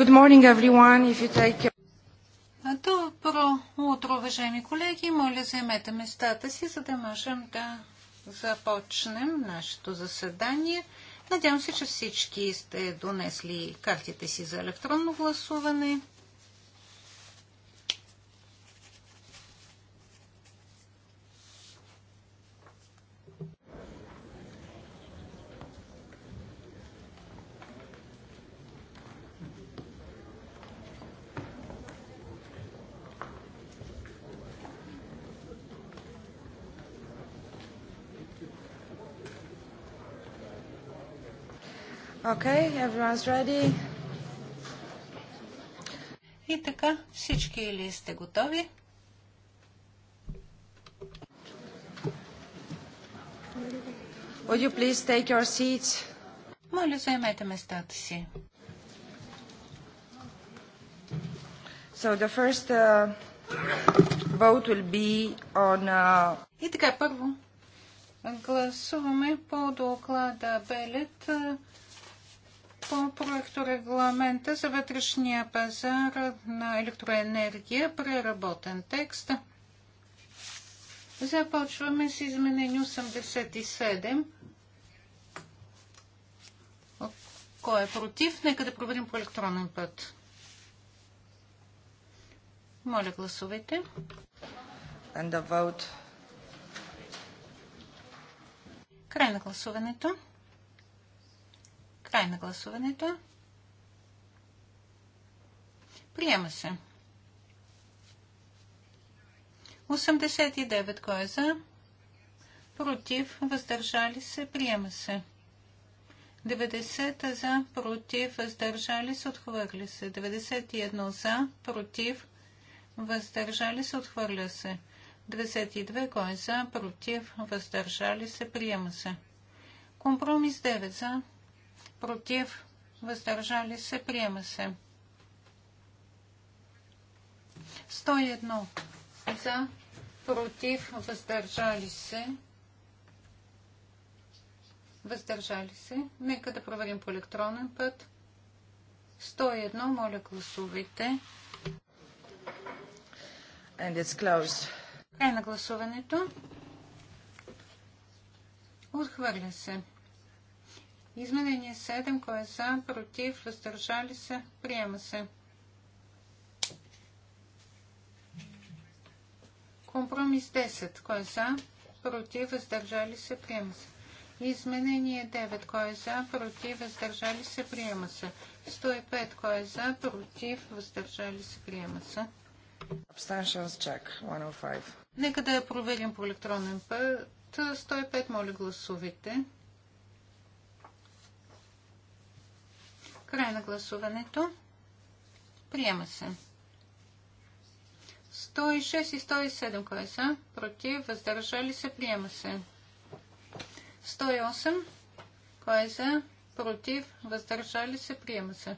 Good morning, everyone. If you take... Добро утро, уважаеми колеги. Моля, заемете местата си, за да можем да започнем нашето заседание. Надявам се, че всички сте донесли картите си за електронно гласуване. Okay, everyone's ready. И така, всички ли сте готови? Would you please take your seats? Моля, заемете местата си. So the first uh, vote will be on... Uh... И така, първо гласуваме по доклада Белет по проекто регламента за вътрешния пазар на електроенергия, преработен текст. Започваме с изменение 87. Кой е против? Нека да проверим по електронен път. Моля, гласувайте. And the vote. Край на гласуването. Край на гласуването. Приема се. 89 кой е за? Против, въздържали се, приема се. 90 за, против, въздържали се, отхвърли се. 91 за, против, въздържали се, отхвърля се. 92 кой е за, против, въздържали се, приема се. Компромис 9 за, против, въздържали се, приема се. 101 за, против, въздържали се, въздържали се. Нека да проверим по електронен път. 101, моля гласувайте. And it's closed. Край на гласуването. Отхвърля се. Изменение 7. Кой е за? Против? Въздържали се? Приема се. Компромис 10. Кой е за? Против? Въздържали се? Приема се. Изменение 9. Кой е за? Против? Въздържали се? Приема се. 105. Кой е за? Против? Въздържали се? Приема се. Abstentions check 105. Нека да я проверим по електронен път. 105, моля гласувайте. Край на гласуването. Приема се. 106 и 107 кой са? за? Против, въздържали се, приема се. 108 кой за? Против, въздържали се, приема се.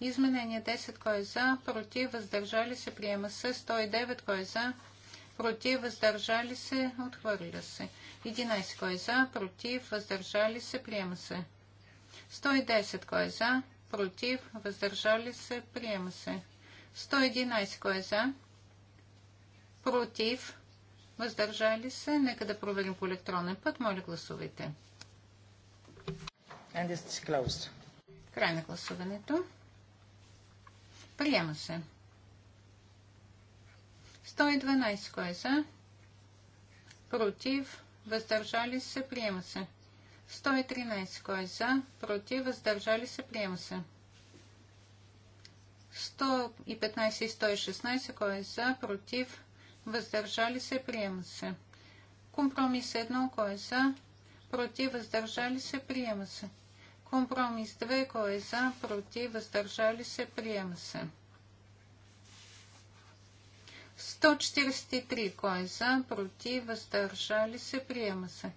Изменение 10 кой е за? Против, въздържали се, приема се. 109 е е кой е за? Против, въздържали се, отхвърля се. 11 кой е за? Против, въздържали се, приема се. 110 кой е за? против, въздържали се, приема се. 111, кой е за? Против, въздържали се. Нека да проверим по електронен път. Моля, гласувайте. And it's closed. Край на гласуването. Приема се. 112, кой е за? Против, въздържали се, приема се. 113. Кой е за? Против? Въздържали се? Приема се. 115 и 116. Кой е за? Против? Въздържали се? Приема се. Компромис 1. Кой е за? Против? Въздържали се? Приема се. Компромис 2. Кой е за? Против? Въздържали се? Приема се. 143. Кой е за? Против? Въздържали се? Приема се.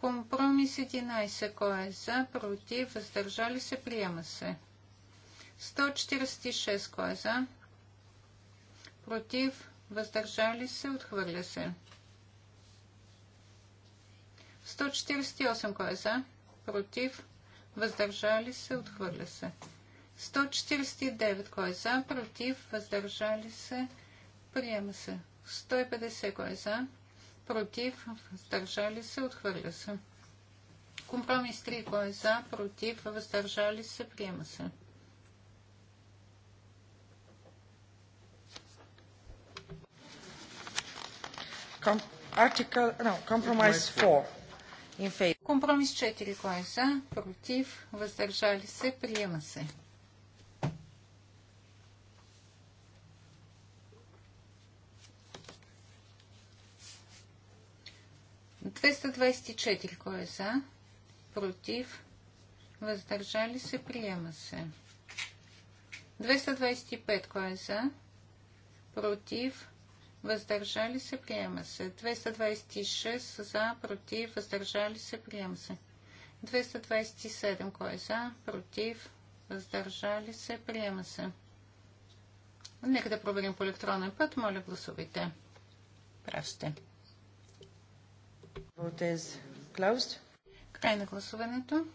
Компромис 11. Кой е за? Против? Въздържали се? Приема се. 146. Кой е за? Против? Въздържали се? Отхвърля се. 148. Кой е за? Против? Въздържали се? Отхвърля се. 149. Кой е за? Против? Въздържали се? Приема се. 150. Кой е за? против, въздържали се, отхвърля се. Компромис 3, кой е за, против, въздържали се, приема се. no, 4. In favor. Компромис 4, кой е за, против, въздържали се, приема се. 224. Кой е за? Против? Въздържали се? Приема се. 225. Кой е за? Против? Въздържали се? Приема се. 226. За? Против? Въздържали се? Приема се. 227. Кой е за? Против? Въздържали се? Приема се. Нека да проверим по електронен път. Моля, гласувайте. Прав сте. Vote is closed. Край на гласуването.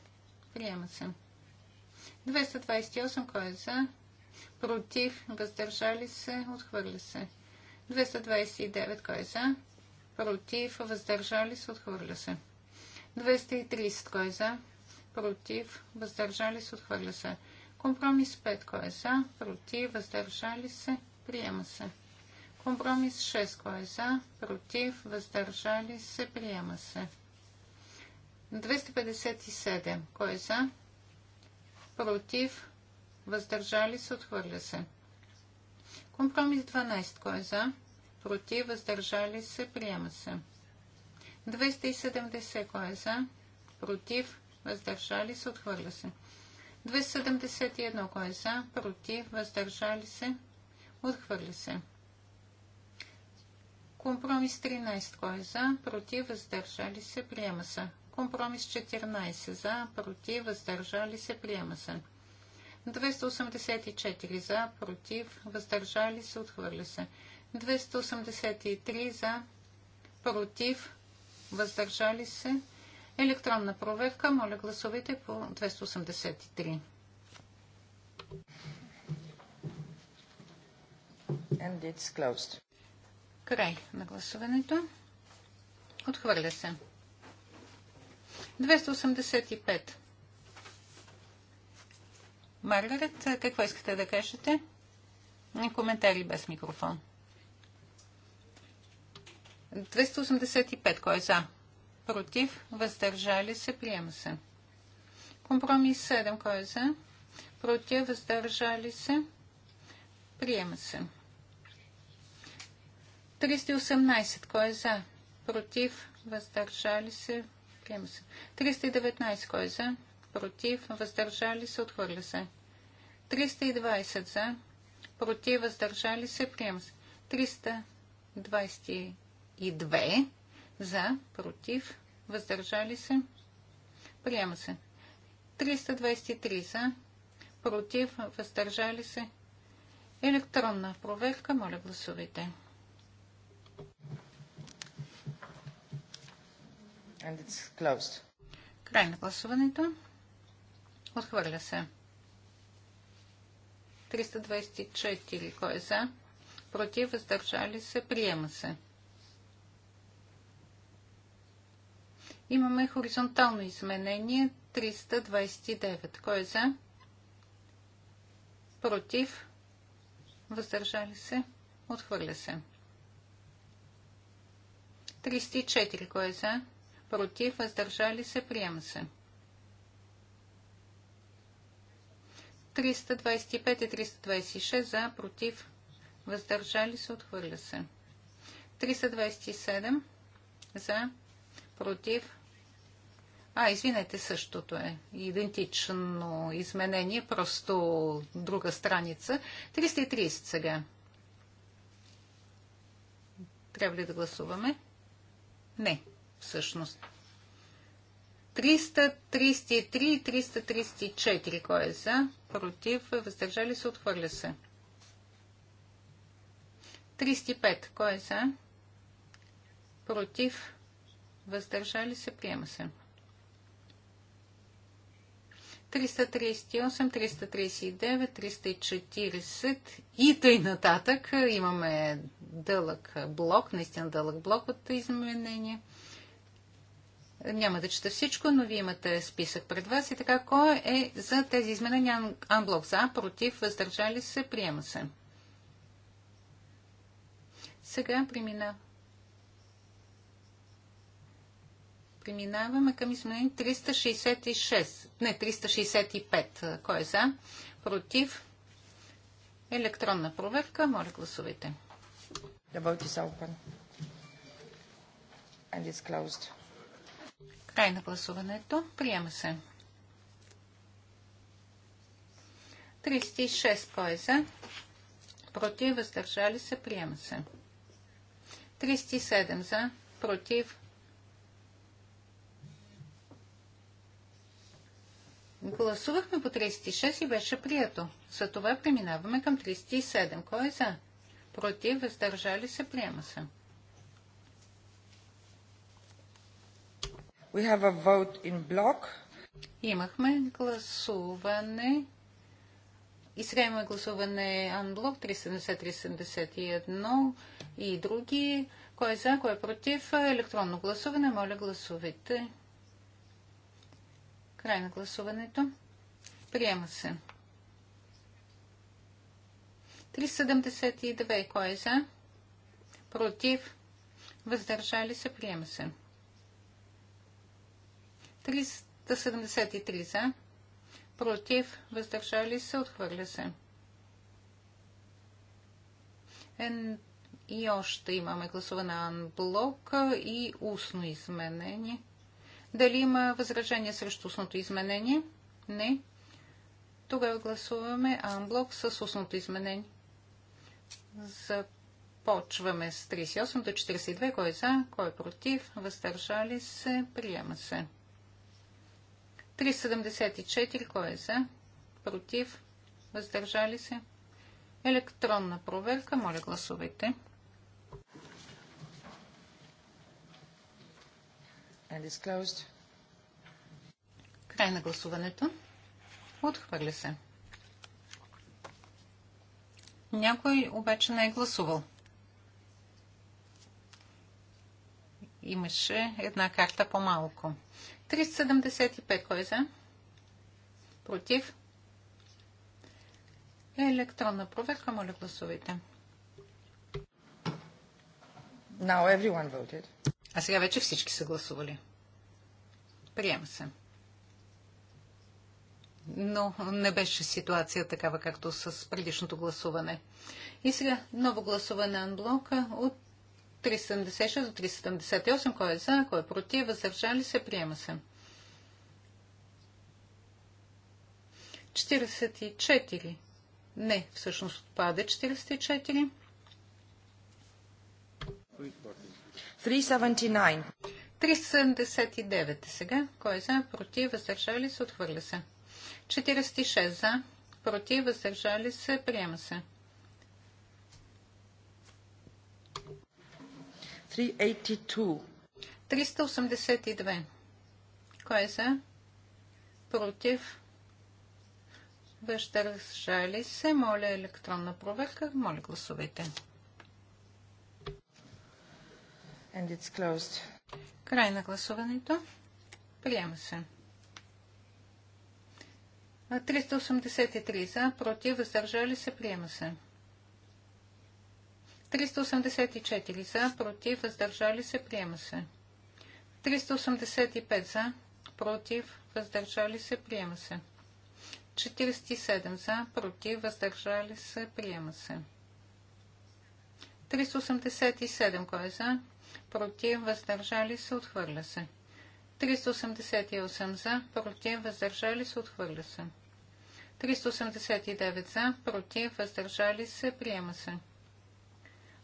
Приема се. 228. Кой е за? Против. Въздържали се. Отхвърля се. 229. Кой е за? Против. Въздържали се. Отхвърля се. 230. Кой е за? Против. Въздържали се. Отхвърля се. Компромис 5. Кой е за? Против. Въздържали се. Приема се. Компромис 6. Кой е за? Против? Въздържали се? Приема се. 257. Кой е за? Против? Въздържали се? Отхвърля се. Компромис 12. Кой е за? Против? Въздържали се? Приема се. 270. Кой е за? Против? Въздържали се? Отхвърля се. 271. Кой е за? Против? Въздържали се? Отхвърля се. Компромис 13. Кой е за? Против. Въздържали се. Приема се. Компромис 14. За. Против. Въздържали се. Приема се. 284 за, против, въздържали се, отхвърля се. 283 за, против, въздържали се. Електронна проверка. Моля гласовете по 283. And it's closed. Край на гласуването. Отхвърля се. 285. Маргарет, какво искате да кажете? Коментари без микрофон. 285. Кой е за? Против? Въздържали се? Приема се. Компромис 7. Кой е за? Против? Въздържали се? Приема се. 318. Кой е за? Против. Въздържали се. Приема се. 319. Кой е за? Против. Въздържали се. Отхвърля се. 320 за. Против. Въздържали се. Приема се. 322 за. Против. Въздържали се. Приема се. 323 за. Против. Въздържали се. Електронна проверка. Моля гласувайте. And it's closed. Край на гласуването. Отхвърля се. 324. Кой е за? Против, въздържали се, приема се. Имаме хоризонтално изменение 329. Кой е за? Против, въздържали се, отхвърля се. 304. Кой е за? против, въздържали се, приема се. 325 и 326 за, против, въздържали се, отхвърля се. 327 за, против. А, извинете, същото е. Идентично изменение, просто друга страница. 330 сега. Трябва ли да гласуваме? Не всъщност. 333 и 334. Кой е за? Против? Въздържали се? Отхвърля се. 35, Кой е за? Против? Въздържали се? Приема се. 338, 339, 340 и тъй нататък. Имаме дълъг блок, наистина дълъг блок от изменения. Няма да чета всичко, но вие имате списък пред вас. И така, кой е за тези изменения анблок? За, против, въздържали се, приема се. Сега премина. Преминаваме към изменение 366. Не, 365. Кой е за? Против. Електронна проверка. Моля, гласувайте. The vote is open. And it's closed. Край на гласуването. Приема се. 36. Кой е за? Против. Въздържали се. Приема се. 37. За. Против. Гласувахме по 36 и беше прието. За това преминаваме към 37. Кой е за? Против. Въздържали се. Приема се. We have a vote in block. Имахме гласуване. И сега има гласуване Unblock 370-371 и други. Кой е за, кой е против? Електронно гласуване. Моля, гласувайте. Край на гласуването. Приема се. 372. Кой е за? Против? Въздържали се? Приема се. 373 за, против, въздържали се, отхвърля се. Ен... И още имаме гласуване анблок и устно изменение. Дали има възражение срещу устното изменение? Не. Тогава гласуваме анблок с устното изменение. Започваме с 38 до 42. Кой е за, кой е против, въздържали се, приема се. 374. Кой е за? Против? Въздържали се? Електронна проверка. Моля, гласувайте. Край на гласуването. Отхвърля се. Някой обаче не е гласувал. Имаше една карта по-малко. 375. Кой е за? Против? Електронна проверка. Моля, гласувайте. Now everyone voted. А сега вече всички са гласували. Приема се. Но не беше ситуация такава, както с предишното гласуване. И сега ново гласуване на блока от 376 до 378. Кой е за, кой е против, въздържали се, приема се. 44. Не, всъщност отпада 44. 379. 379 сега. Кой е за? Против, въздържали се, отхвърля се. 46 за. Против, въздържали се, приема се. 382. Кой е за? Против? Въздържали се. Моля електронна проверка. Моля гласовете. And it's closed. Край на гласуването. Приема се. 383 за, против, въздържали се, приема се. 384 за, против, въздържали се, приема се. 385 за, против, въздържали се, приема се. 47 за, против, въздържали се, приема се. 387 кой е за, против, въздържали се, отхвърля се. 388 за, против, въздържали се, отхвърля се. 389 за, против, въздържали се, приема се.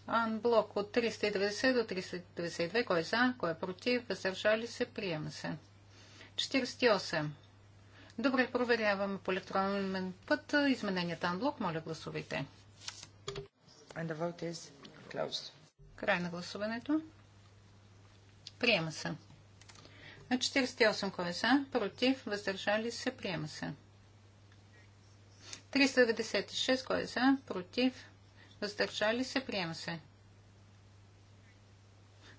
Анблок от 390 до 392. Кой е за, кой е против, въздържали се, приема се. 48. Добре, проверяваме по електронен път измененията анблок. Моля, гласувайте. Край на гласуването. Приема се. На 48 кой е за, против, въздържали се, приема се. 396 кой е за, против, Въздържали се, приема се.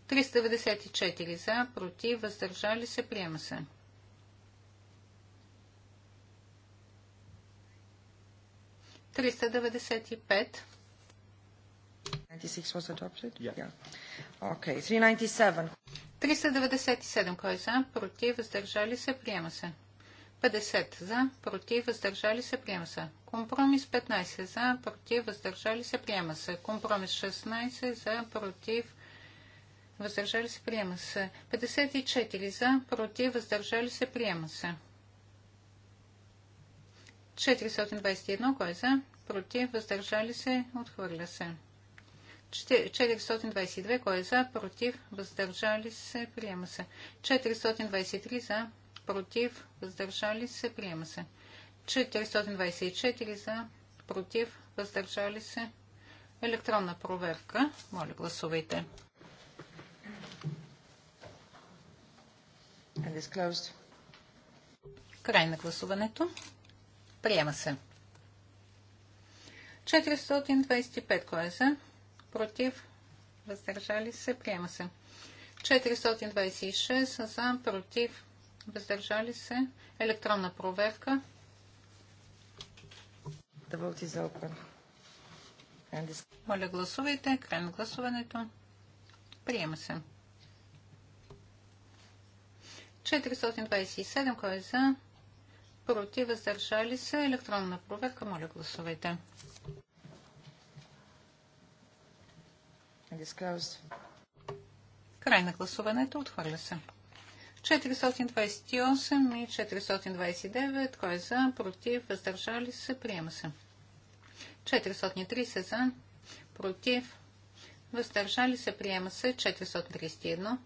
394 за, против, въздържали се, приема се. Триста деветдесет и пет. Триста деветдесет и седем. Кой е за? Против. Въздържали се. Приема се. 50 за, против, въздържали се, приема се. Компромис 15 за, против, въздържали се, приема се. Компромис 16 за, против, въздържали се, приема се. 54 за, против, въздържали се, приема се. 421, кой е за? Против, въздържали се, отхвърля се. 422, кой е за? Против, въздържали се, приема се. 423 за, против, въздържали се, приема се. 424 за, против, въздържали се. Електронна проверка. Моля, гласувайте. Край на гласуването. Приема се. 425 кой е за? Против? Въздържали се? Приема се. 426 за? Против? въздържали се, електронна проверка. Да вълти за Моля, гласувайте. Край на гласуването. Приема се. 427, кой е за? Против, въздържали се. Електронна проверка. Моля, гласувайте. Край на гласуването. Отхвърля се. 428 и 429. Кой е за? Против? Въздържали се? Приема се. 430 за. Против? Въздържали се? Приема се. 431.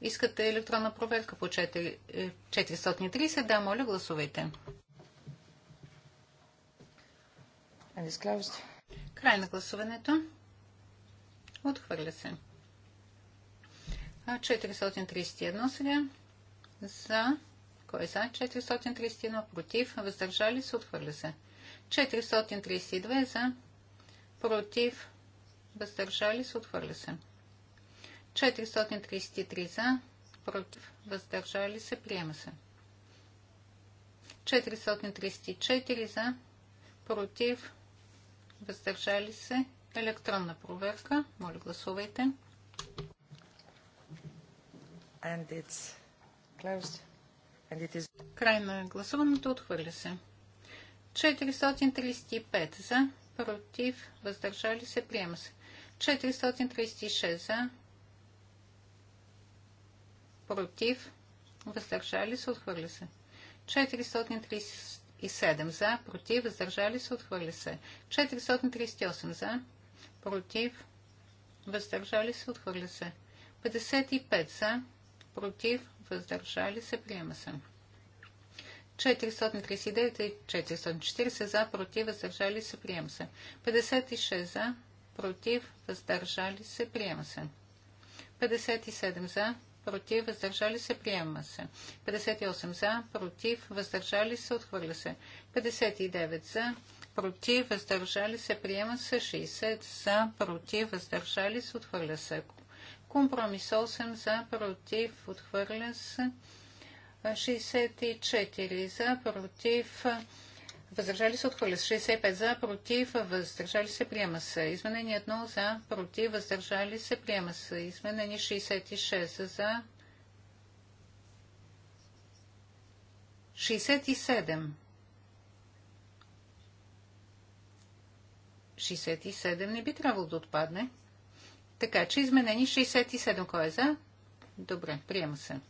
Искате електронна проверка по 430? Е, да, моля, гласувайте. Край на гласуването. Отхвърля се. 431 сега. За. Кой е за? 431. Против. Въздържали се. Отхвърля се. 432 за. Против. Въздържали се. Отхвърля се. 433 за. Против. Въздържали се. Приема се. 434 за. Против. Въздържали се. Електронна проверка. Моля, гласувайте. 434. Край на гласуването отхвърля се. 435 за, против, въздържали се, приема се. 436 за, против, въздържали се, отхвърля се. 437 за, против, въздържали се, отхвърля се. 438 за, против, въздържали се, отхвърля се. 55 за, против, въздържали се, приема се. 439 и 440 за, против, въздържали се, приема се. 56 за, против, въздържали се, приема се. 57 за, против, въздържали се, приема се. 58 за, против, въздържали се, отхвърля се. 59 за, против, въздържали се, приема се. 60 за, против, въздържали се, отхвърля се. Компромис 8 за, против, отхвърля се. 64 за, против, въздържали се, отхвърля се. 65 за, против, въздържали се, приема се. Изменение 1 за, против, въздържали се, приема се. Изменение 66 за, 67. 67 не би трябвало да отпадне. 67. Така че изменени 67. Кой е за? Добре, приема се.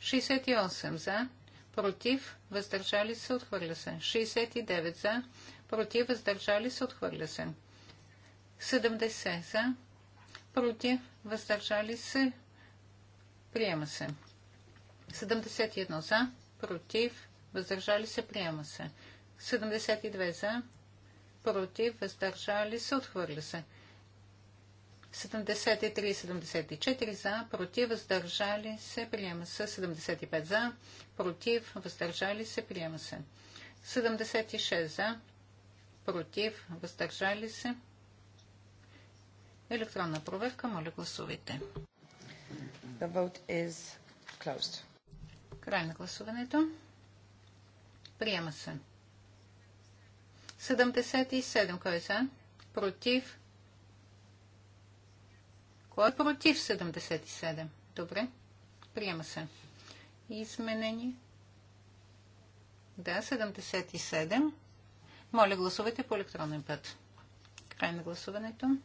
68 за, против, въздържали се, отхвърля се. 69 за, против, въздържали се, отхвърля се. 70 за, против, въздържали се, приема се. 71 за, против, въздържали се, приема се. 72 за, против, въздържали се, отхвърля се. 73 74 за, против, въздържали се, приема се. 75 за, против, въздържали се, приема се. 76 за, против, въздържали се. Електронна проверка, моля гласувайте. The vote is closed. Край на гласуването. Приема се. 77 кой е за? Против, кой е против 77? Добре. Приема се. Изменение. Да, 77. Моля, гласувайте по електронен път. Край на гласуването.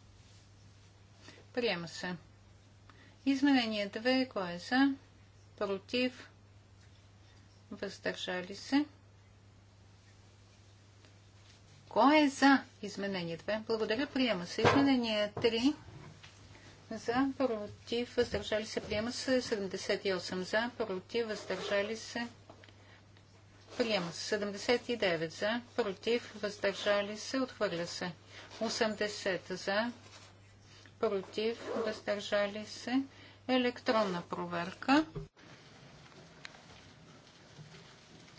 Приема се. Изменение 2. Кой е за? Против? Въздържали се? Кой е за изменение 2? Благодаря. Приема се. Изменение 3 за, против, въздържали се, приема се 78 за, против, въздържали се, приема се 79 за, против, въздържали се, отхвърля се 80 за, против, въздържали се, електронна проверка.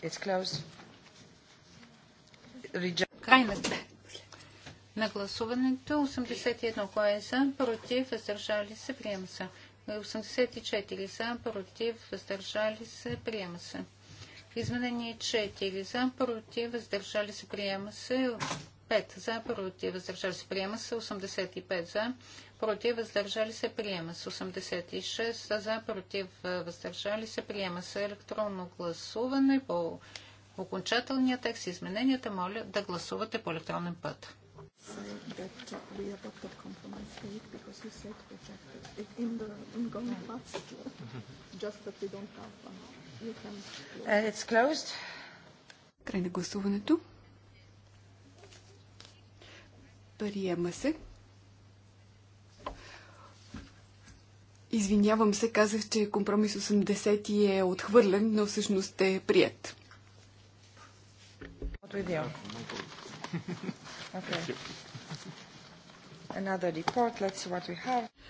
It's Край на на гласуването. 81 кое е за, против, въздържали се, приема се. 84 за, против, въздържали се, приема се. Изменение 4 за, против, въздържали се, приема се. 5 за, против, въздържали се, приема се. 85 за, против, въздържали се, приема се. 86 за, против, въздържали се, приема се. Електронно гласуване по окончателния текст. Измененията моля да гласувате по електронен път that we adopted compromise eight because you said rejected it in the ingoing past, just that we don't have one. You can... Uh, it's closed. Край на гласуването. Приема се. Извинявам се, казах, че компромис 80 е отхвърлен, но всъщност е прият. What Okay.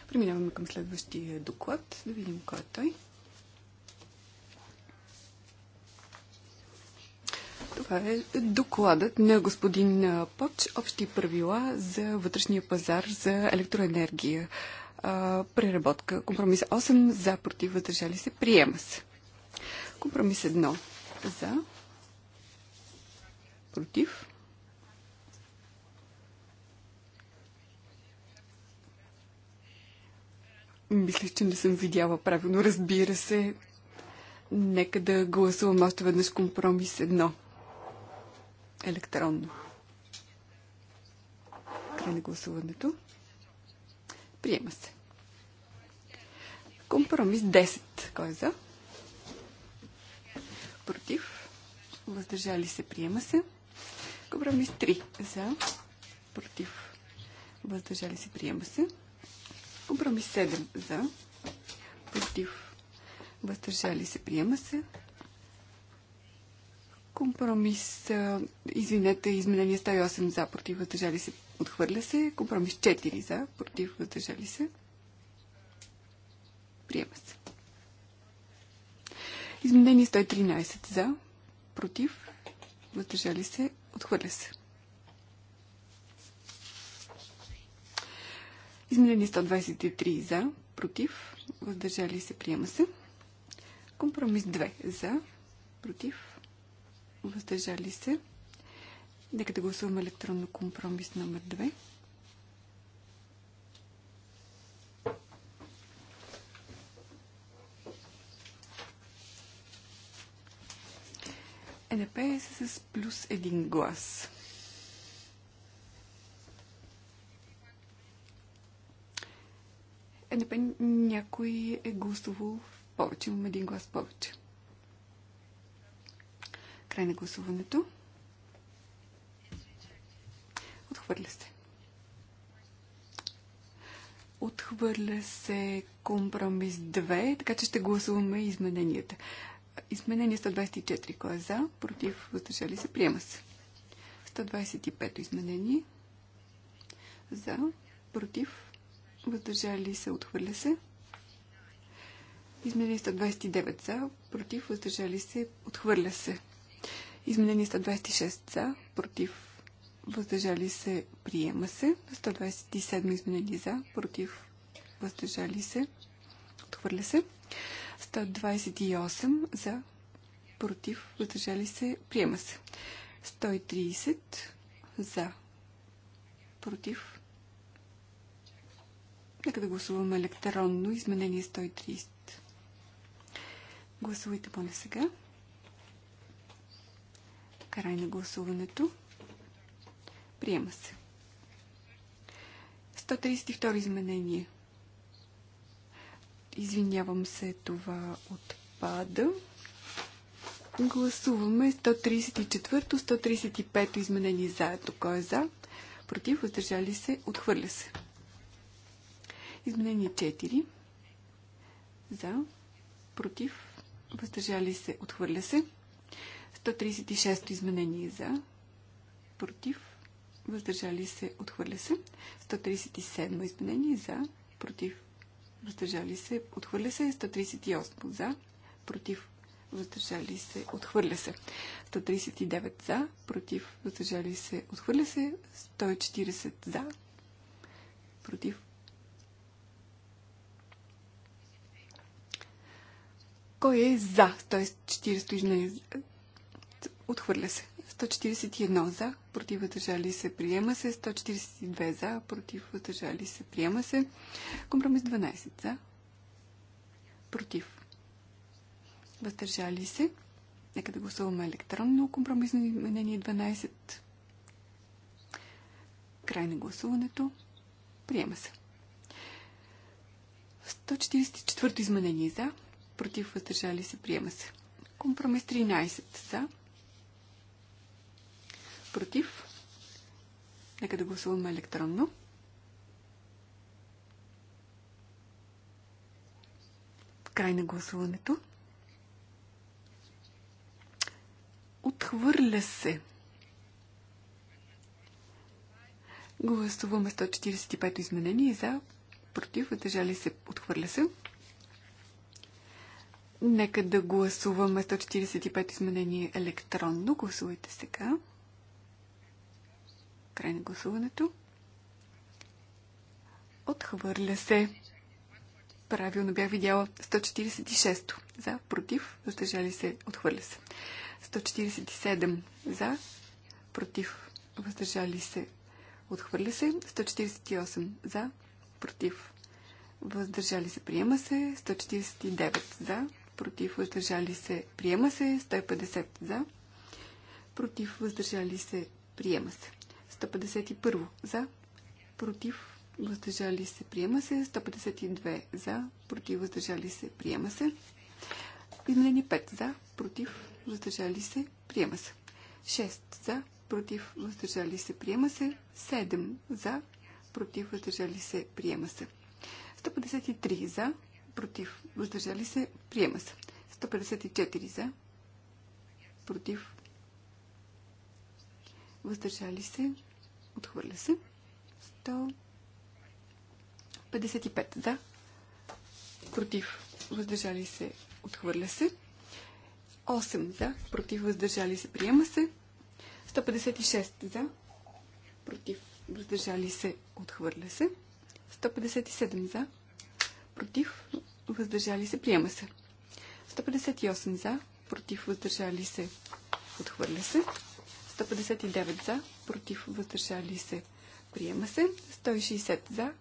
Преминаваме към следващия доклад. Да видим кой е той. Това е докладът на господин Поч. Общи правила за вътрешния пазар за електроенергия. А, преработка. Компромис 8. За, против, въздържали се. Приема се. Компромис 1. За. Против. Мисля, че не съм видяла правилно. Разбира се, нека да гласувам още веднъж компромис едно. Електронно. Край на гласуването. Приема се. Компромис 10. Кой е за? Против. Въздържали се. Приема се. Компромис 3. За. Против. Въздържали се. Приема се. Компромис 7 за, против, въздържали се, приема се. Компромис, извинете, изменение 108 за, против, въздържали се, отхвърля се. Компромис 4 за, против, въздържали се, приема се. Изменение 113 за, против, въздържали се, отхвърля се. Изминали 123 за, против, въздържали се, приема се. Компромис 2 за, против, въздържали се. Нека да гласуваме електронно компромис номер 2. НП е, е с плюс един глас. Е, НП някой е гласувал повече, имам един глас повече. Край на гласуването. Отхвърля се. Отхвърля се компромис 2, така че ще гласуваме измененията. Изменение 124. Кой е за? Против? Въздържали се? Приема се. 125 изменение. За? Против? въздържали се, отхвърля се. Изменени 129 за, против, въздържали се, отхвърля се. Изменени 126 за, против, въздържали се, приема се. 127 изменени за, против, въздържали се, отхвърля се. 128 за, против, въздържали се, приема се. 130 за, против, Нека да гласуваме електронно изменение 130. Гласувайте поне сега. Край на гласуването. Приема се. 132 изменение. Извинявам се, това отпада. Гласуваме 134-135 изменение заедно. Кой е за? Против, въздържали се, отхвърля се. Изменение 4. За. Против. Въздържали се. Отхвърля се. 136 изменение за. Против. Въздържали се. Отхвърля се. 137 изменение за. Против. Въздържали се. Отхвърля се. 138 за. Против въздържали се, отхвърля се. 139 за, против, въздържали се, отхвърля се. 140 за, против, Кой е за? Т.е. 40 Отхвърля се. 141 за, против въздържали се, приема се. 142 за, против въздържали се, приема се. Компромис 12 за, против. Въздържали се. Нека да гласуваме електронно. Компромисно изменение 12. Край на гласуването. Приема се. 144 изменение за, против, въздържали се, приема се. Компромис 13 за, против. Нека да гласуваме електронно. Край на гласуването. Отхвърля се. Гласуваме 145 изменение за, против, въздържали се, отхвърля се. Нека да гласуваме 145 изменение електронно. Гласувайте сега. Край на гласуването. Отхвърля се. Правилно бях видяла 146 за, против, въздържали се, отхвърля се. 147 за, против, въздържали се, отхвърля се. 148 за, против, въздържали се, приема се. 149 за, против, въздържали се, приема се. 150 за, против, въздържали се, приема се. 151 за, против, въздържали се, приема се. 152 за, против, въздържали се, приема се. Изменени 5 за, против, въздържали се, приема се. 6 за, против, въздържали се, приема се. 7 за, против, въздържали се, приема се. 153 за, против, въздържали се, приема се. 154 за, против, въздържали се, отхвърля се. 155 за, против, въздържали се, отхвърля се. 8 за, против, въздържали се, приема се. 156 за, против, въздържали се, отхвърля се. 157 за, против, въздържали се, приема се. 158 за, против, въздържали се, отхвърля се. 159 за, против, въздържали се, приема се. 160 за,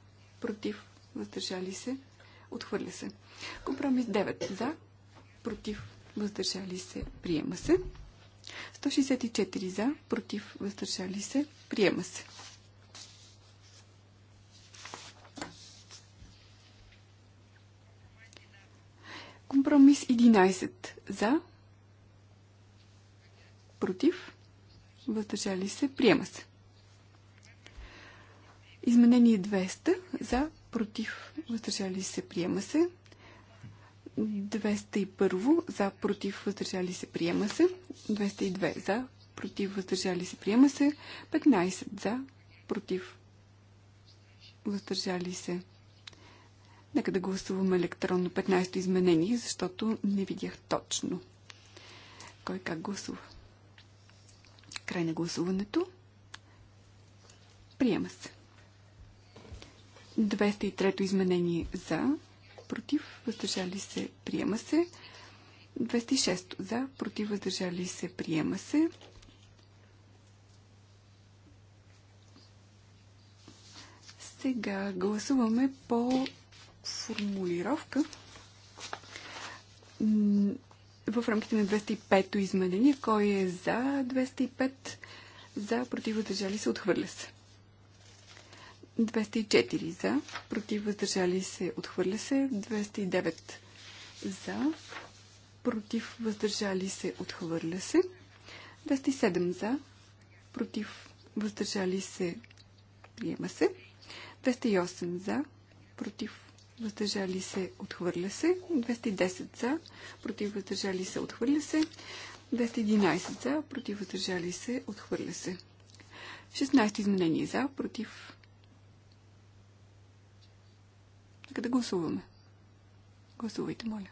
против, въздържали се, отхвърля се. Компромис 9 за, против, въздържали се, приема се. 164 за, против, въздържали се, приема се. Компромис 11 за, против, въздържали се, приема се. Изменение 200 за, против, въздържали се, приема се. 201 за, против, въздържали се, приема се. 202 за, против, въздържали се, приема се. 15 за, против, въздържали се, Нека да гласуваме електронно 15-то изменение, защото не видях точно кой как гласува. Край на гласуването. Приема се. 203-то изменение за, против, въздържали се, приема се. 206 за, против, въздържали се, приема се. Сега гласуваме по формулировка в рамките на 205-то изменение. Кой е за 205? За, против, въздържали се, отхвърля се. 204 за, против, въздържали се, отхвърля се. 209 за, против, въздържали се, отхвърля се. 207 за, против, въздържали се, приема се. 208 за, против, въздържали се, отхвърля се. 210 за, против въздържали се, отхвърля се. 211 за, против въздържали се, отхвърля се. 16 изменение за, против. Нека да гласуваме. Гласувайте, моля.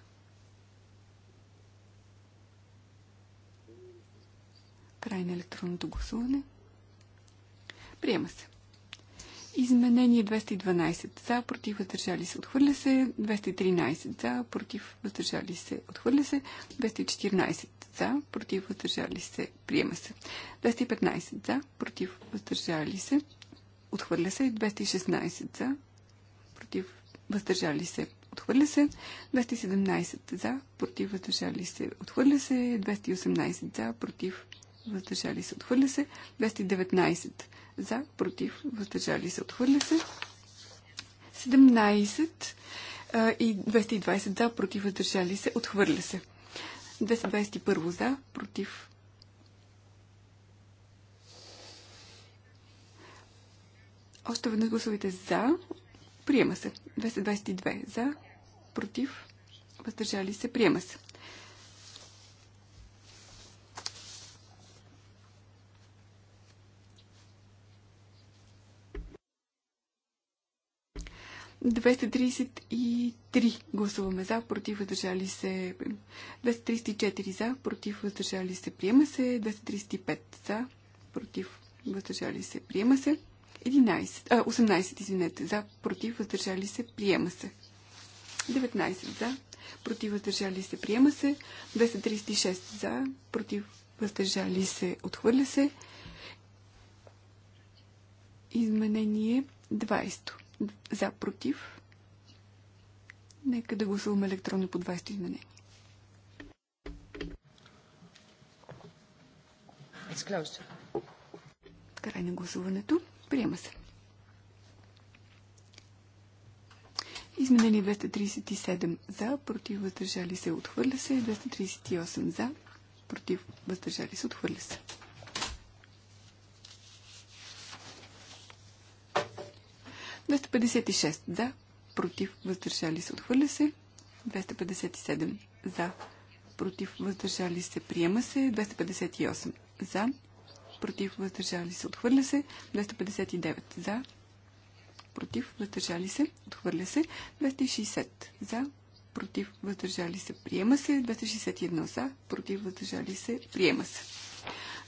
Край на електронното гласуване. Приема се. Изменение 212 за, против, въздържали се, отхвърля се. 213 за, против, въздържали се, отхвърля се. 214 за, против, въздържали се, приема се. 215 за, против, въздържали се, отхвърля се. 216 за, против, въздържали се, отхвърля се. 217 за, против, въздържали се, отхвърля се. 218 за, против, въздържали се, отхвърля се. 219 за, против, въздържали се, отхвърля се. 17 а, и 220 за, против, въздържали се, отхвърля се. 221 за, против. Още веднъж гласовите за. Приема се. 222 за, против, въздържали се, приема се. 233 гласуваме за, против въздържали се. 234 за, против въздържали се. Приема се. 235 за, против въздържали се. Приема се. 11, а, 18, извинете, за, против въздържали се. Приема се. 19 за, против въздържали се. Приема се. 236 за, против въздържали се. Отхвърля се. Изменение 20. За, против. Нека да гласуваме електронно по 20 изменения. Край на гласуването. Приема се. Изменени 237 за, против въздържали се, отхвърля се, 238 за, против въздържали се, отхвърля се. 256 за, против, въздържали се, отхвърля се. 257 за, против, въздържали се, приема се. 258 за, против, въздържали се, отхвърля се. 259 за, против, въздържали се, отхвърля се. 260 за, против, въздържали се, приема се. 261 за, против, въздържали се, приема се.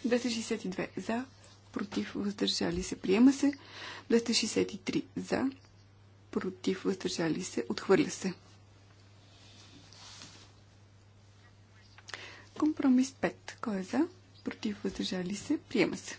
262 за, против, въздържали се, приема се. 263 за, против, въздържали се, отхвърля се. Компромис 5. Кой е за? Против, въздържали се, приема се.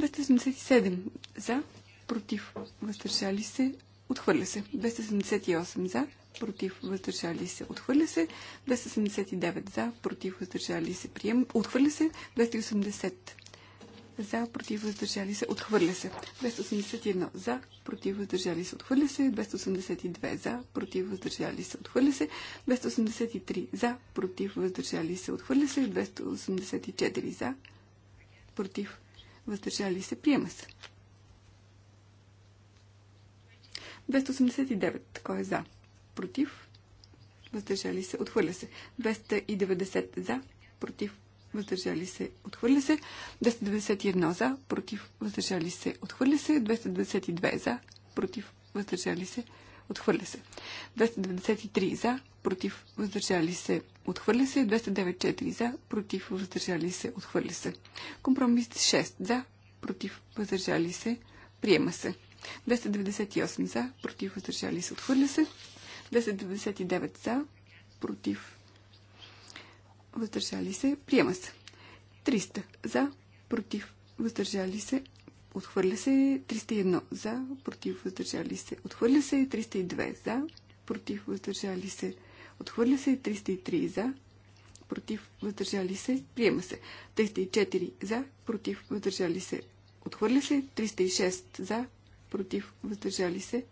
277 за, против, въздържали се, отхвърля се. 278 за, против, въздържали се, отхвърля се. 279 за, против, въздържали се, приема, отхвърля се. 280 за, против, въздържали се, отхвърля се. 281 за, против, въздържали се, отхвърля се. 282 за, против, въздържали се, отхвърля се. 283 за, против, въздържали се, отхвърля се. 284 за, против, въздържали се, приема се. 289. Кой е за? Против? Въздържали се. Отхвърля се. 290 за. Против? въздържали се, отхвърля се. 291 за, против, въздържали се, отхвърля се. 292 за, против, въздържали се, отхвърля се. 293 за, против, въздържали се, отхвърля се. 294 за, против, въздържали се, отхвърля се. Компромис 6 за, против, въздържали се, приема се. 298 за, против, въздържали се, отхвърля се. 299 за, против, въздържали се, приема се. 300 за, против, въздържали се, отхвърля се. 301 за, против, въздържали се, отхвърля се. 302 за, против, въздържали се, отхвърля се. 303 за, против, въздържали се, приема се. 304 за, против, въздържали се, отхвърля се. 306 за, против, въздържали се,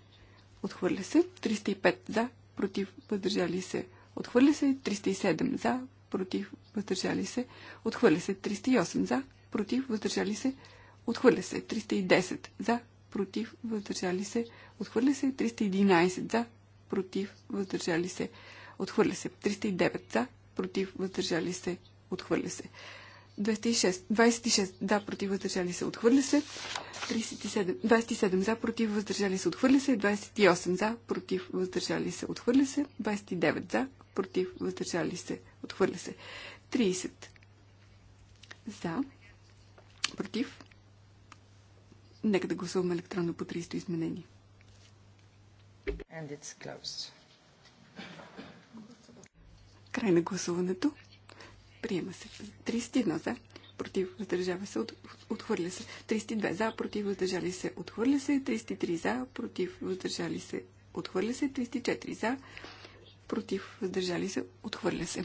отхвърля се. 305 за, против, въздържали се, отхвърля се. 307 за, против, въздържали се, отхвърля се. 308 за, против, въздържали се, отхвърля се. 310 за, против, въздържали се, отхвърля се. 311 за, против, въздържали се, отхвърля се. 309 за, против, въздържали се, отхвърля се. 206, 26 за, против, въздържали се, отхвърля се. 37, 27 за, против, въздържали се, отхвърля се. 28 за, против, въздържали се, отхвърля се. 29 за, против, въздържали се, Отхвърля се. 30. За. Против. Нека да гласуваме електронно по 30 изменение. And it's closed. Край на гласуването. Приема се. 31 за. Против. Въздържава се. От, отхвърля се. 32 за. Против. Въздържали се. Отхвърля се. 33 за. Против. Въздържали се. Отхвърля се. 34 за. Против. Въздържали се. Отхвърля се.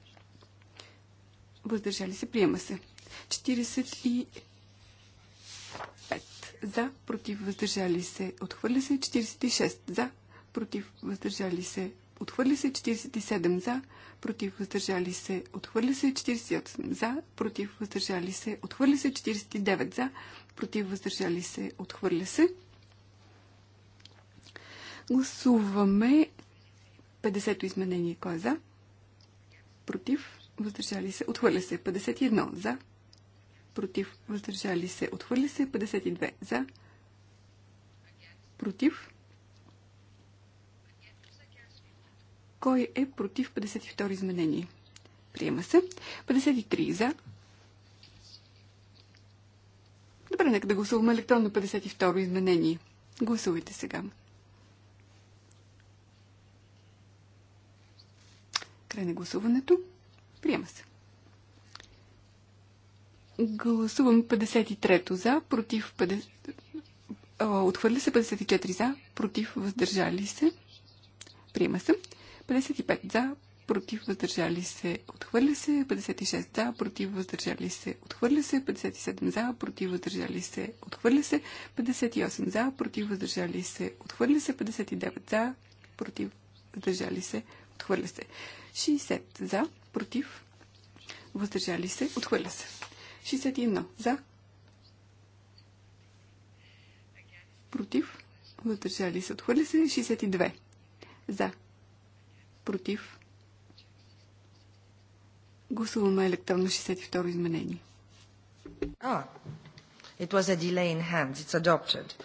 въздържали се, приема се. 45 за, против, въздържали се, отхвърля се. 46 за, против, въздържали се, отхвърля се. 47 за, против, въздържали се, отхвърля се. 48 за, против, въздържали се, отхвърля се. 49 за, против, въздържали се, отхвърля се. Гласуваме 50-то изменение. Кой е за? Против? въздържали се, отхвърля се. 51 за, против, въздържали се, отхвърля се. 52 за, против. Кой е против 52 изменение? Приема се. 53 за. Добре, нека да гласуваме електронно 52 изменение. Гласувайте сега. Край на гласуването. Приема се. Гласувам 53-то за, против 50... Отхвърля се 54 за, против въздържали се. Приема се. 55 за, против въздържали се, отхвърля се, 56 за, против въздържали се, отхвърля се, 57 за, против въздържали се, отхвърля се, 58 за, против въздържали се, отхвърля се, 59 за, против въздържали се, отхвърля се, 60 за, против, въздържали се, отхвърля се. 61 за, против, въздържали се, отхвърля се. 62 за, против. Гласуваме електронно 62 изменение. А, it was a delay in hands. It's adopted.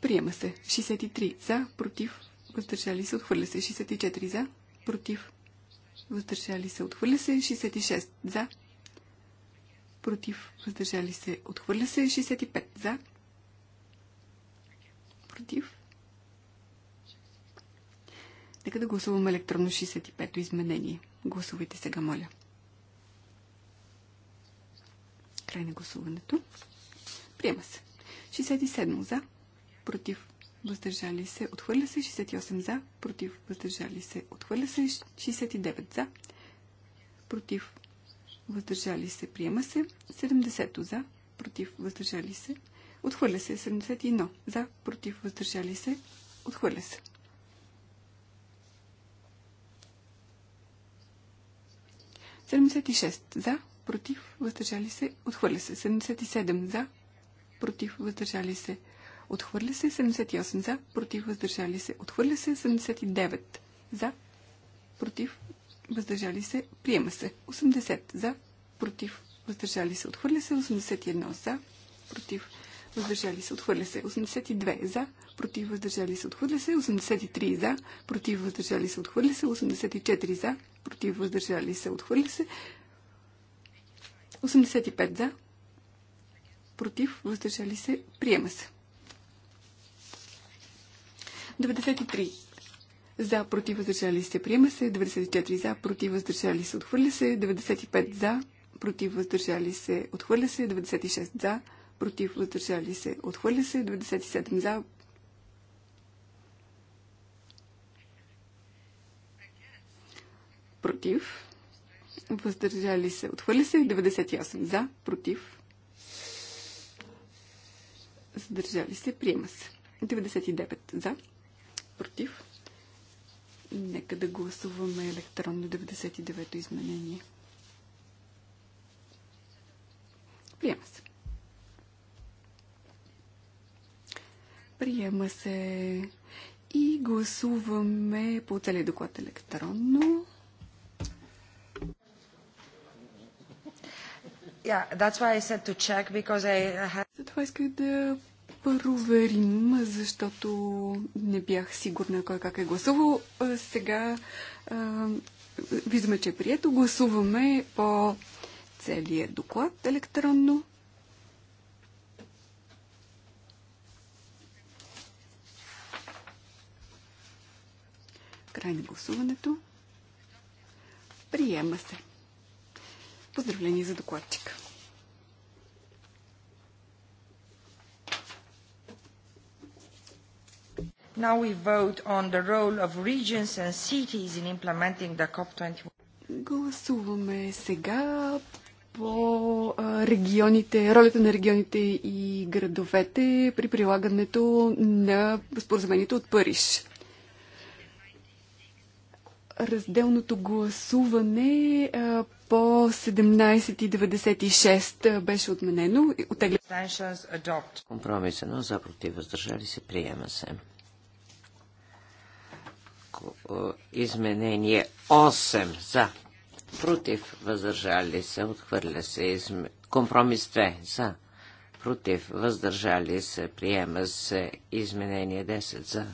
Приема се. 63 за, против, въздържали се, отхвърля се. 64 за, против, въздържали се, отхвърля се, 66 за, против, въздържали се, отхвърля се, 65 за, против. Нека да гласуваме електронно 65-то изменение. Гласувайте сега, моля. Край на гласуването. Приема се. 67 за, против, въздържали се, отхвърля се, 68 за, против, въздържали се, отхвърля се, 69 за, против, въздържали се, приема се, 70 за, против, въздържали се, отхвърля се, 71 за, против, въздържали се, отхвърля се. 76 за, против, въздържали се, отхвърля се. 77 за, против, въздържали се, Отхвърля се 78 за, против въздържали се. Отхвърля се 79 за, против въздържали се. Приема се 80 за, против въздържали се. Отхвърля се 81 за, против въздържали се. Отхвърля се 82 за, против въздържали се. Отхвърля се 83 за, против въздържали се. Отхвърля се 84 за, против въздържали се. Отхвърля се 85 за, против въздържали се. Приема се. 93 за, против, въздържали се, приема се. 94 за, против, въздържали се, отхвърля се. 95 за, против, въздържали се, отхвърля се. 96 за, против, въздържали се, отхвърля се. 97 за, против, въздържали се, отхвърли се, 98 за, против, въздържали се, приема се, 99 за, против. Нека да гласуваме електронно 99-то изменение. Приема се. Приема се и гласуваме по целия доклад електронно. Yeah, that's why I said to check because I had... Затова исках да проверим, защото не бях сигурна кой как е гласувал. Сега виждаме, че е прието. Гласуваме по целия доклад електронно. Край на гласуването. Приема се. Поздравление за докладчика. Now we vote on the role of regions and cities in implementing the COP21. Гласуваме сега по регионите, ролята на регионите и градовете при прилагането на споразумението от Париж. Разделното гласуване по 17.96 беше отменено. Отегля... за против въздържали се приема се. Е, изменение 8 за, против, въздържали се, отхвърля се, изм... компромис 2 за, против, въздържали се, приема се, изменение 10 за,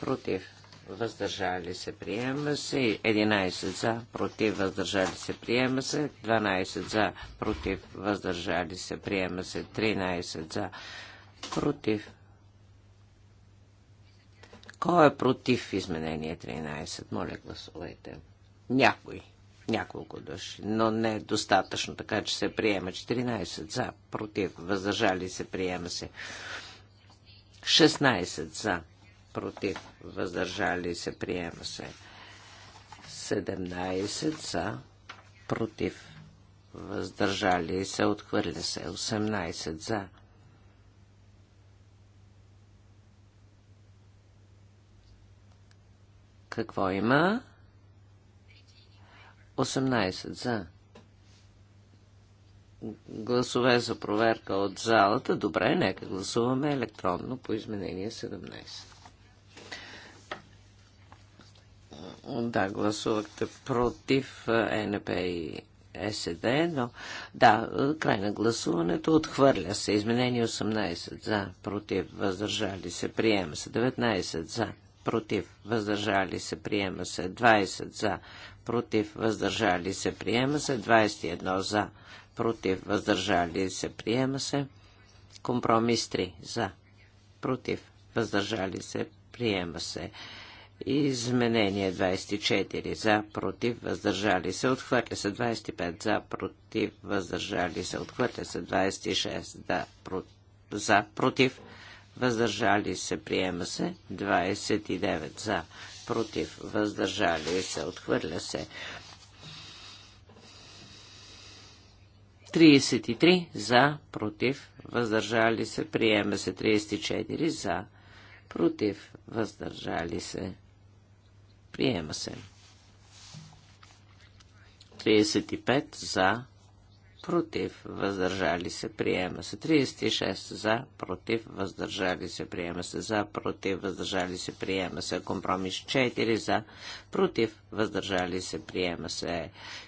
против, въздържали се, приема се, 11 за, против, въздържали се, приема се, 12 за, против, въздържали се, приема се, 13 за, против, кой е против изменение 13? Моля, гласувайте. Някой. Няколко души, но не е достатъчно, така че се приема 14 за, против, въздържали се, приема се 16 за, против, въздържали се, приема се 17 за, против, въздържали се, отхвърля се 18 за, Какво има? 18 за. Гласове за проверка от залата. Добре, нека гласуваме електронно по изменение 17. Да, гласувахте против е, НП и СД, но да, край на гласуването отхвърля се. Изменение 18 за, против, въздържали се, приема се 19 за против, въздържали се, приема се 20 за, против, въздържали се, приема се 21 за, против, въздържали се, приема се компромис 3 за, против, въздържали се, приема се изменение 24 за, против, въздържали се, отхвърля се 25 за, против, въздържали се, отхвърля се 26 да, про, за, против, въздържали се, приема се, 29 за, против, въздържали се, отхвърля се, 33 за, против, въздържали се, приема се, 34 за, против, въздържали се, приема се, 35 за, против, въздържали се, приема се. 36 за, против, въздържали се, приема се. За, против, въздържали се, приема се. Компромис 4 за, против, въздържали се, приема се.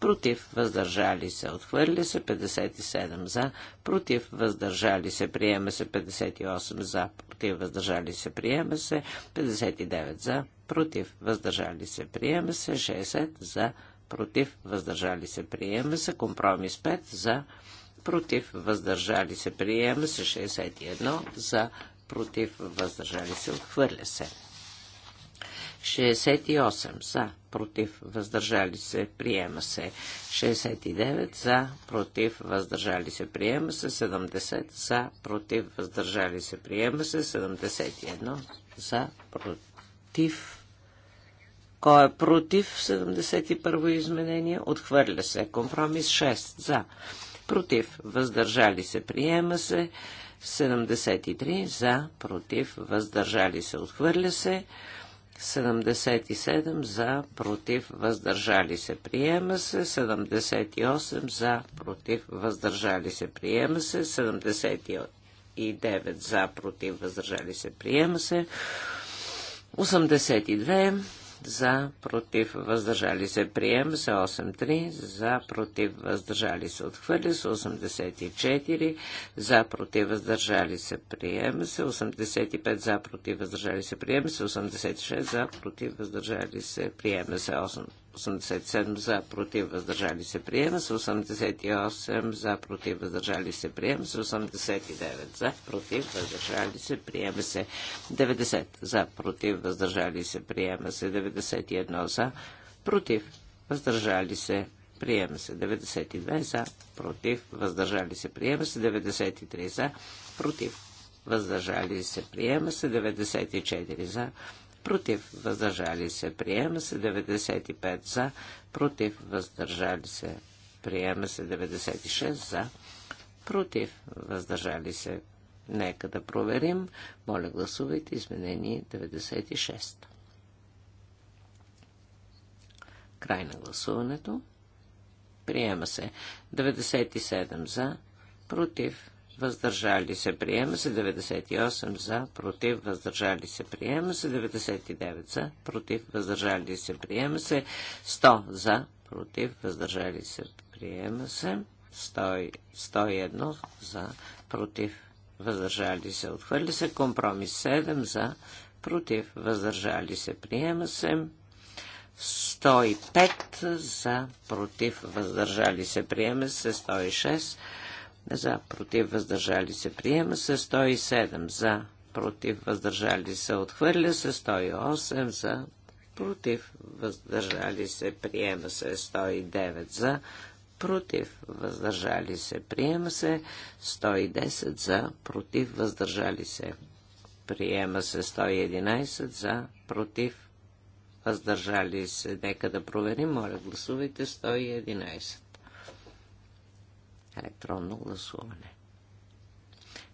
против, въздържали се, отхвърля се 57 за, против, въздържали се, приема се 58 за, против, въздържали се, приема се 59 за, против, въздържали се, приема се 60 за, против, въздържали се, приема се компромис 5 за, против, въздържали се, приема се 61 за, против, въздържали се, отхвърля се. 68 за, против, въздържали се, приема се. 69 за, против, въздържали се, приема се. 70 за, против, въздържали се, приема се. 71 за, против. Кой е против 71 изменение? Отхвърля се. Компромис 6 за, против, въздържали се, приема се. 73 за, против, въздържали се, отхвърля се. 77 за, против, въздържали се, приема се. 78 за, против, въздържали се, приема се. 79 за, против, въздържали се, приема се. 82 за, против, въздържали се, прием се 8-3, за, против, въздържали се, отхвърля се 84, за, против, въздържали се, прием се 85, за, против, въздържали се, прием се 86, за, против, въздържали се, прием се 8. 87 за, против, въздържали се, приема се. 88 за, против, въздържали се, приема се. 89 за, против, въздържали се, приема се. 90 за, против, въздържали се, приема се. 91 за, против, въздържали се, приема се. 92 за, против, въздържали се, приема се. 93 за, против, въздържали се, приема се. 94 за, против, въздържали се, приема се 95 за, против, въздържали се, приема се 96 за, против, въздържали се. Нека да проверим. Моля, гласувайте изменение 96. Край на гласуването. Приема се 97 за, против, въздържали се, приема се 98 за, против, въздържали се, приема се 99 за, против, въздържали се, приема се 100 за, против, въздържали се, приема се 100, 101 за, против, въздържали се, отхвърли се, компромис 7 за, против, въздържали се, приема се 105 за, против, въздържали се, приема се 106 за, против, въздържали се, приема се 107 за, против, въздържали се, отхвърля се 108 за, против, въздържали се, приема се 109 за, против, въздържали се, приема се 110 за, против, въздържали се, приема се 111 за, против, въздържали се. Нека да проверим, моля, гласувайте 111. Електронно гласуване.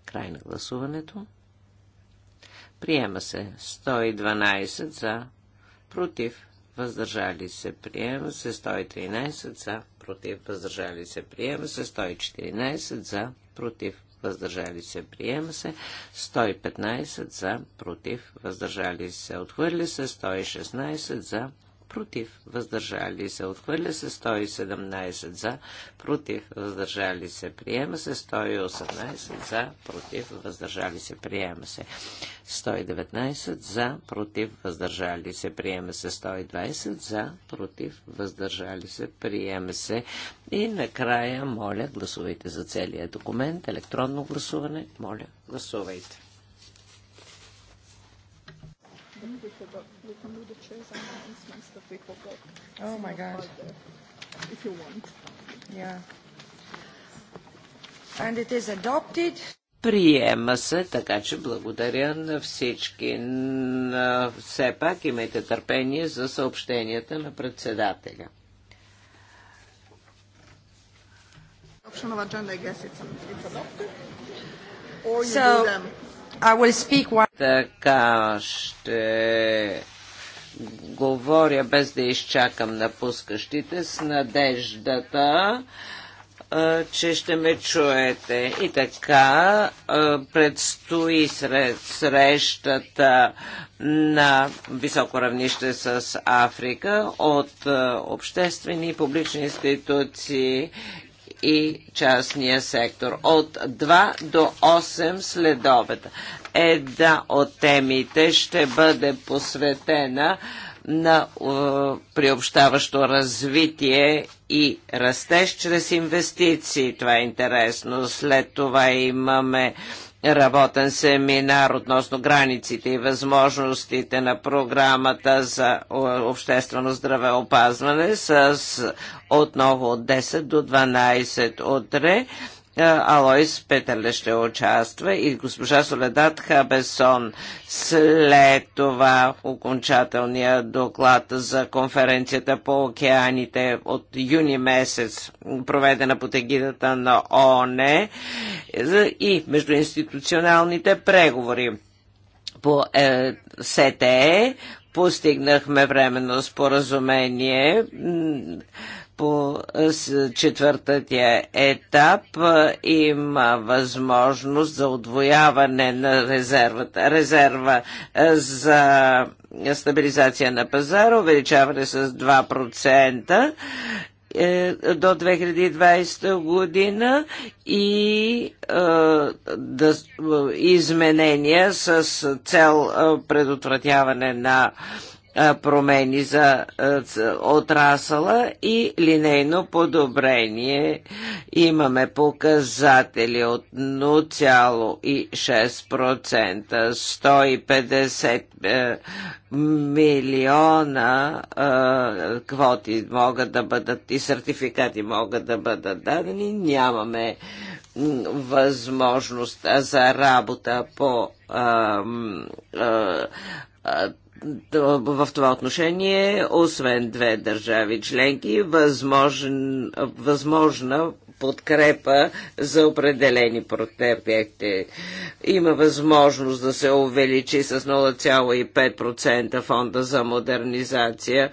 Край на гласуването. Приема се 112 за, против, въздържали се, приема се 113 за, против, въздържали се, приема се 114 за, против, въздържали се, приема се 115 за, против, въздържали се, отхвърли се 116 за, против, въздържали се, отхвърля се 117 за, против, въздържали се, приема се 118 за, против, въздържали се, приема се 119 за, против, въздържали се, приема се 120 за, против, въздържали се, приема се и накрая, моля, гласувайте за целия документ, електронно гласуване, моля, гласувайте. We can do the chairs and the instruments that we forgot. Oh my gosh. If you want. Yeah. And it is adopted. Приема се, така че благодаря на всички. Все пак имайте търпение за съобщенията на председателя. so, speak... Така ще говоря без да изчакам напускащите с надеждата, че ще ме чуете. И така предстои сред срещата на високо равнище с Африка от обществени и публични институции и частния сектор. От 2 до 8 след Една от темите ще бъде посветена на е, приобщаващо развитие и растеж чрез инвестиции. Това е интересно. След това имаме работен семинар относно границите и възможностите на програмата за обществено здравеопазване с отново от 10 до 12 утре. Е, Алойс Петърле ще участва и госпожа Соледат Хабесон. След това окончателния доклад за конференцията по океаните от юни месец, проведена под егидата на ОНЕ и междуинституционалните преговори по е, СТЕ постигнахме временно споразумение по е, четвъртатия етап е, има възможност за отвояване на резервата, резерва е, за стабилизация на пазара, увеличаване с 2% до 2020 година и е, да, изменения с цел предотвратяване на е, промени за отрасъла и линейно подобрение. Имаме показатели от 0,6%, 150 е, милиона квоти могат да бъдат и сертификати могат да бъдат дадени. Нямаме възможност за работа по в това отношение, освен две държави членки, възможен, възможна подкрепа за определени проекти. Има възможност да се увеличи с 0,5% фонда за модернизация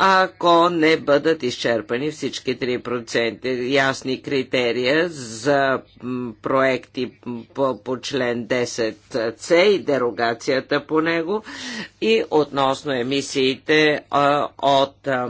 ако не бъдат изчерпани всички 3%. Ясни критерия за проекти по, по член 10c и дерогацията по него и относно емисиите а, от а,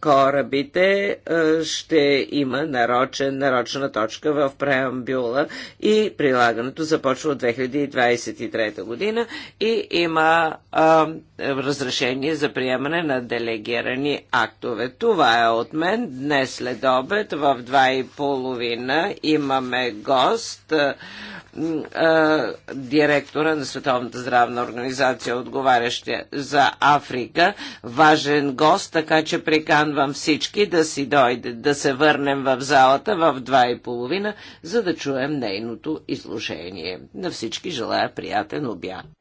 корабите а, ще има нарочен, нарочна точка в преамбюла и прилагането започва от 2023 година и има а, разрешение за приемане на делегиране делегирани актове. Това е от мен. Днес след обед в 2.30 имаме гост директора на Световната здравна организация, отговарящия за Африка. Важен гост, така че приканвам всички да си дойде, да се върнем в залата в 2.30, за да чуем нейното изложение. На всички желая приятен обяд.